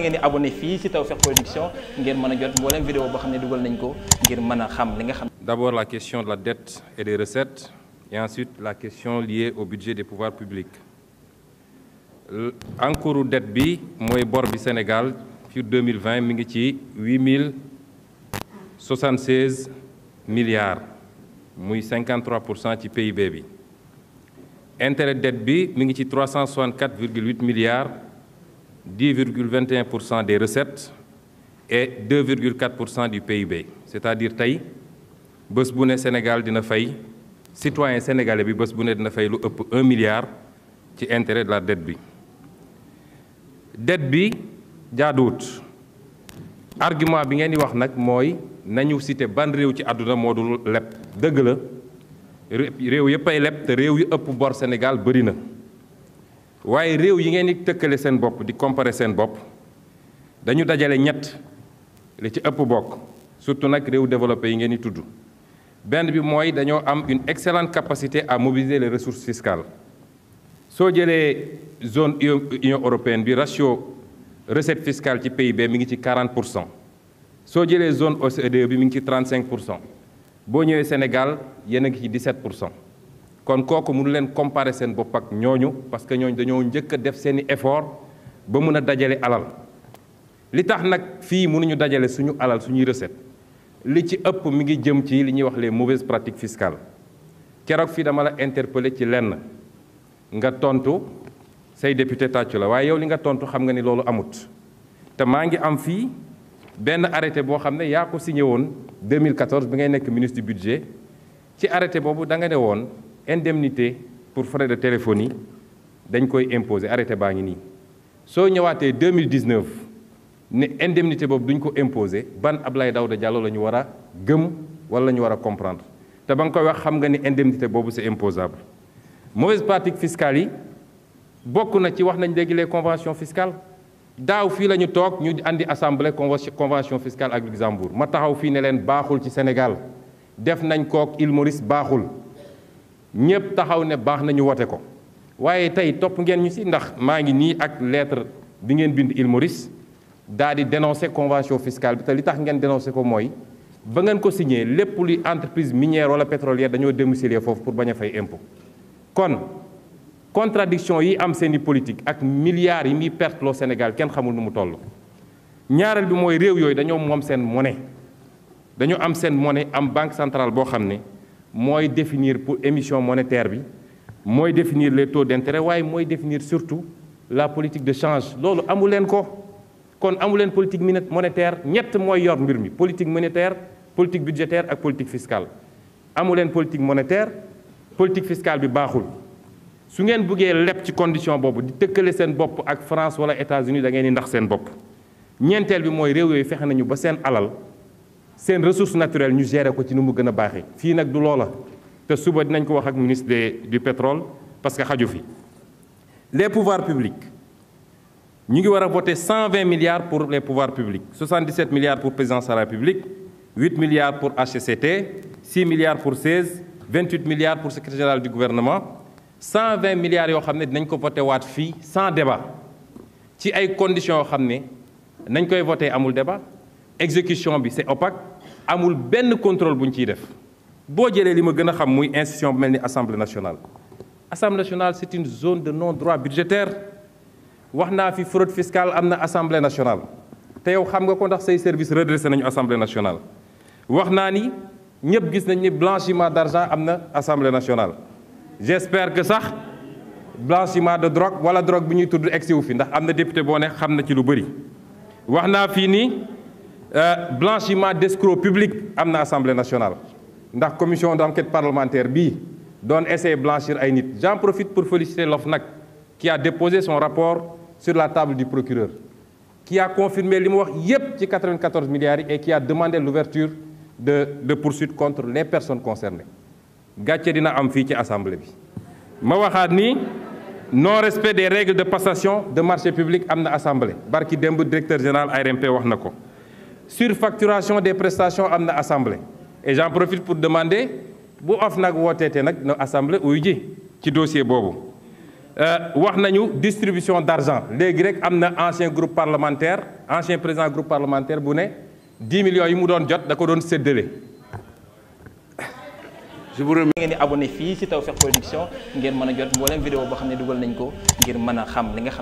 ngeen di abonné fii ci Tawfekh Production ngeen mën a jot mboolem vidéo boo xam ne dugal nañ ko ngir mën a xam li nga xam. D'abord la question de la dette et des recettes et ensuite la question liée au budget des pouvoirs publics encours dette bi mooy bor bi Sénégal sur 2020 mi ngi ci 8076 milliards muy 53 pour cent ci PIB bi intérêt dette bi mu ngi ci 364,8 milliards. 10,21 pour cent des recettes et 2,4 pour cent du PIB c'est-à-dire tey bés bu ne Sénégal dina fay citoyen sénégalais bi bés bu ne dina fay lu ëpp un milliard ci intérêt de la dette bi dette bi jaaduwut argument bi ngeen di wax nag mooy nañu cité ban réew ci àdduna moo dul leb dëgg la réew yëpp ay leb te réew yu ëpp bor Sénégal bëri na waaye réew yi ngeen di tëkkale seen bopp di comparer seen bopp dañu dajale ñett li ci ëpp bokk surtout nag réew développé yi ngeen di tudd benn bi mooy dañoo am une excellente capacité à mobiliser les ressources fiscales soo jëlee zone union européenne bi ratio recette fiscale ci bee mi ngi ci 40 pour cent soo jëlee zone OCDE e bi mi ngi ci 35 pour cent boo ñëwee Sénégal yéen a ngi ci 17 pour cent kon kooku mënu leen comparer seen bopp ak ñooñu parce que ñooñu dañoo njëkk a def seeni effort ba mën a dajale alal li tax nag fii mënuñu dajale suñu alal suñuy recette li ci ëpp mu ngi jëm ci li ñuy wax les mauvaises pratique fiscales keroog fii dama la interpeller ci lenn nga tontu say député tàccu la waaye yow li nga tontu xam nga ni loolu amut te maa ngi am fii benn arrêté boo xam ne yaa ko signé woon 2014 bi ngay nekk ministre budget ci arrêté boobu da nga ne woon. indemnité pour frais de yi dañ koy imposer arrêté baa ngi nii soo ñëwaatee 2019 ne indemnité boobu duñ ko imposé ban Ablaye Daouda Diallo la ñu war a gëm wala la ñu war a comprendre te ba nga koy wax xam nga ni indemnité boobu c'est imposable mauvaise pratique fiscale yi bokk na ci wax nañ léegi convention conventions fiscales daaw fii la ñu toog ñu andi assemblée convention fiscale ak Luxembourg ma taxaw fii ne leen baaxul ci Sénégal def nañ kook Île Maurice baaxul ñëpp taxaw ne baax nañu wote ko waaye tey topp ngeen ñu si ndax maa ngi nii ak lettre bi ngeen bind Île Maurice daal di dénoncer convention fiscale bi te li tax ngeen dénoncer ko mooy ba ngeen ko signé lépp lu entreprise minière wala pétrolière dañoo domicilier foofu pour bañ a fay impôt kon contradiction yi am seeni politique ak milliards yi muy perte loo Sénégal kenn xamul nu mu toll ñaareel bi mooy réew yooyu dañoo moom seen monnaie dañoo am seen monnaie am banque centrale boo xam ne mooy définir pour émission monétaire bi mooy définir les taux d'intérêt waaye mooy définir surtout la politique de change loolu amu leen ko kon amuleen leen politique monétaire ñett mooy yor mbir mi politique monétaire politique budgétaire ak politique fiscale amu leen politique monétaire politique fiscale bi baaxul su ngeen buggee leb ci condition boobu di tëkkale seen bopp ak France wala États-Unis da ngeen di ndax seen bopp ñeenteel bi mooy réew yooyu fexe nañu ba seen alal seen ressource naturelle ñu gérer ko ci ni mu gën a baaxee fii nag du loola te suba dinañ ko wax ak ministre du pétrole parce que xaju fi les pouvoirs publics ñu ngi war a voter 120 milliards pour les pouvoirs publics 77 milliards pour présidence de la République 8 milliards pour HCCT 6 milliards pour CESE 28 milliards pour secrétaire général du gouvernement 120 milliards yoo xam ne dinañ ko voter waat fii sans débat ci ay conditions yoo xam ne nañ koy voter amul débat exécution bi c'est opaque amul benn contrôle bu ñu ciy def boo jëlee li ma gën a xam muy institution bu mel ni assemblée nationale. assemblée nationale c'est une zone de non droit budgétaire wax naa fi fraude fiscale am na assemblée nationale te yow xam nga ko ndax say service redressé nañu assemblée nationale. wax naa ni ñëpp gis nañ ni blanchiment d'argent am na assemblée nationale j'espère que sax blanchiment de drogue wala drogue bi ñuy tudd egg wu fi ndax na député boo ne xam na ci lu bëri Euh, blanchiment d'escrocs publics am na assemblée nationale ndax commission d'enquête parlementaire bii doon essayer blanchir ay nit j'en profite pour féliciter l'OFNAC qui a déposé son rapport sur la table du procureur ki a confirmé li mu wax yépp ci 94 milliards yi et qui a demandé l'ouverture de de poursuites contre les personnes concernées gàcce dina am fii ci assemblée bi ma waxaat ni non respect des règles de passation de marché public am na assemblée barki démb directeur général ARMP wax na ko surfacturation des prestation am na assemblée et j'en profite pour demander bu OFNAC wooteetee nag na assemblée uyu ji ci dossier boobu euh, wax nañu distribution d'argent léegi rek am na ancien groupe parlementaire ancien président groupe parlementaire bu ne 10 millions yi mu doon jot da ko doon séddale je vous remercie ngeen di abonné fii ci Tawfekh Production ngeen mën a jot mboolem vidéo boo xam ne dugal nañ ko ngir mën a xam li nga xam